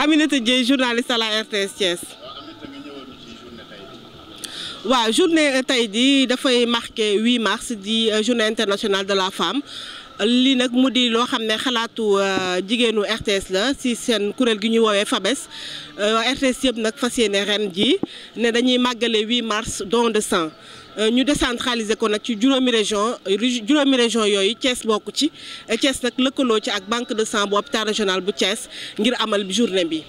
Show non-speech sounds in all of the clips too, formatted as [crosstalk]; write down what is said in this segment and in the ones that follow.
Aminata Dieng journaliste à la RTS Thiès. waaw journée tey jii dafay marqué huit mars di euh, journée internationale de la femme. lii nag mu di loo xam ne xalaatu euh, jigéenu RTS la ci seen kuréel gi ñuy woowee FABES euh, waa RTS yëpp nag fas yéene ren ji ne dañuy màggale 8 mars don de sang euh, ñu décentraliser ko nag ci juróomi région juróomi région yooyu cees bokk ci Thiès nag lëkkaloo ci ak banque de sang bu hôpital régional bu Thiès ngir amal journée bi.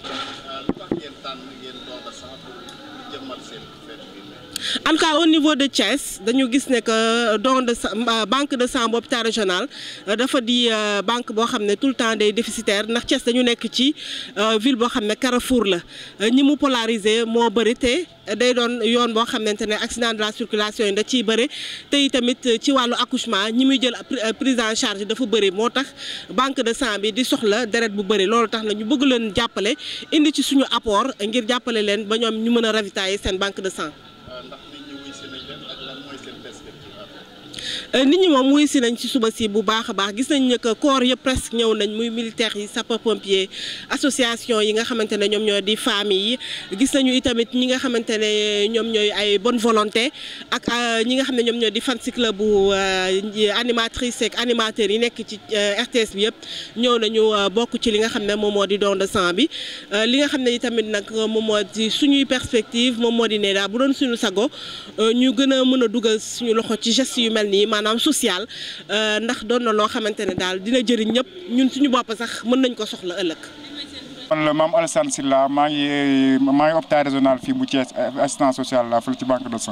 en tout cas au niveau de Thiès dañu gis ne que euh, don de banque de sang bu hôpital régional euh, dafa di euh, banque boo xam ne tout le temps day déficitaire ndax Thiès dañu nekk ci ville boo xam ne four la ñi mu polariser moo bëri te day doon yoon boo xamante ne accident de la circulation yi da ciy bëri te tamit ci wàllu accouchement ñi muy jël prise en charge dafa bëri moo tax banque de sang bi di soxla deret bu bëri loolu tax na ñu bëgg leen jàppale indi ci suñu apport ngir jàppale leen ba ñoom ñu seen banque de sang Euh, nit ñi moom wuy si nañ ci suba si bu baax a baax gis nañ ne que corps yëpp presque ñëw nañ muy militaire yi sapeur pompier association yi nga xamante ne ñoom ñoo di famille yi gis nañu itamit ñi nga xamante ne ñoom ñooy ay bonne volonté ak euh, ñi nga xam ne ñoom ñoo di fan club bu euh, animatrice ak animateurs yi nekk ci RTS bi yëpp ñëw nañu bokk ci li nga xam ne moom moo di don de sang bi li nga xam ne itamit nag moom moo di suñuy perspective moom moo di ne bu doon suñu sago ñu gën a dugal suñu loxo ci geste maanaam social euh, ndax doon na loo xamante ne daal dina jëriñ ñëpp ñun suñu bopp sax mën nañ ko soxla ëllëg man la maam Alassane Sylla maa ngi régional fii bu Thiès assistance sociale la fële ci banque de euh,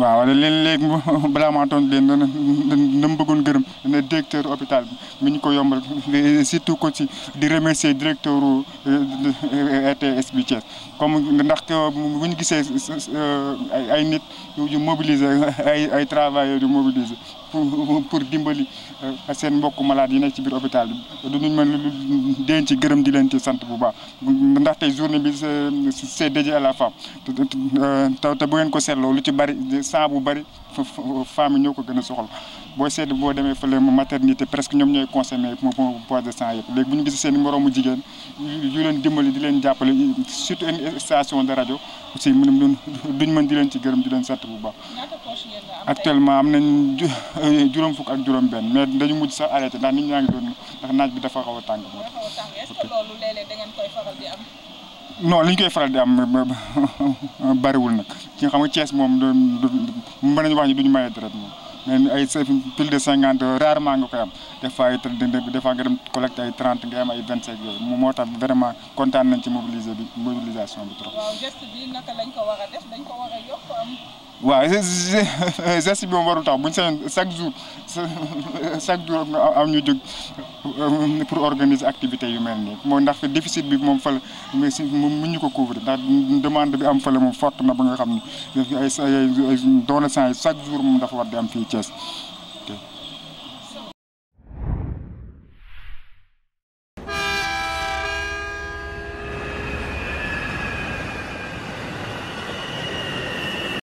waaw léeg-léeg [laughs] balaa maa tontu leen dana bëggoon gërëm dana directeur hôpital bi mi ñu ko yombal surtout ko ci di remercier directeur euh, RTS bi Thiès comme ndax euh, bu ñu gisee ay nit yu mobiliser [laughs] ay ay travailleurs mobiliser pour pour dimbali euh, seen mbokk malade yi nekk ci biir hôpital bi duñu mën leen ci gërëm di leen ci sant bu baax ndaxte journée bi c'est dédié à la femme euh, te te bu ngeen ko seetloo lu ci bari saa bu bari femmes yi ñoo ko gën a soxla. boo seetlu boo demee fële mu maternité presque ñoom ñooy consommer mo poids de sang yëpp léegi bu ñu gisee seen moroomu jigéen yu leen dimbali di leen jàppale surtout une station de rajo aussi mu ne duñ mën di leen ci gërëm di leen sant bu ba actuellement am nañ euh, juróom fukk ak juróom benn mais dañu mujj sax arrêté ndax nit ñaa ngi doon ndax naaj bi dafa xaw a tàng. non li ñu koy faral di am [laughs] bariwul nag ci nga xam nga Thiès moom mën nañu wax ni duñu maye deret moom. mais ay plus de cinquante rarement nga koy am des fois ay des fois nga dem collecte ay trente nga am ay vingt cinq yooyu moo tax vraiment nañ ci mobiliser bi mobilisation bi trop. bi naka waaw geste bi moom warul tax buñ sañoon chaque jour chaque jour am ñu jóg pour organiser activité yu mel nii moom ndax déficit bi moom fële mais si mu ñu ko couvrir ndax demande bi am fële moom forte na ba nga xam ne ay ay doole saa yi chaque jour moom dafa war di am fii cees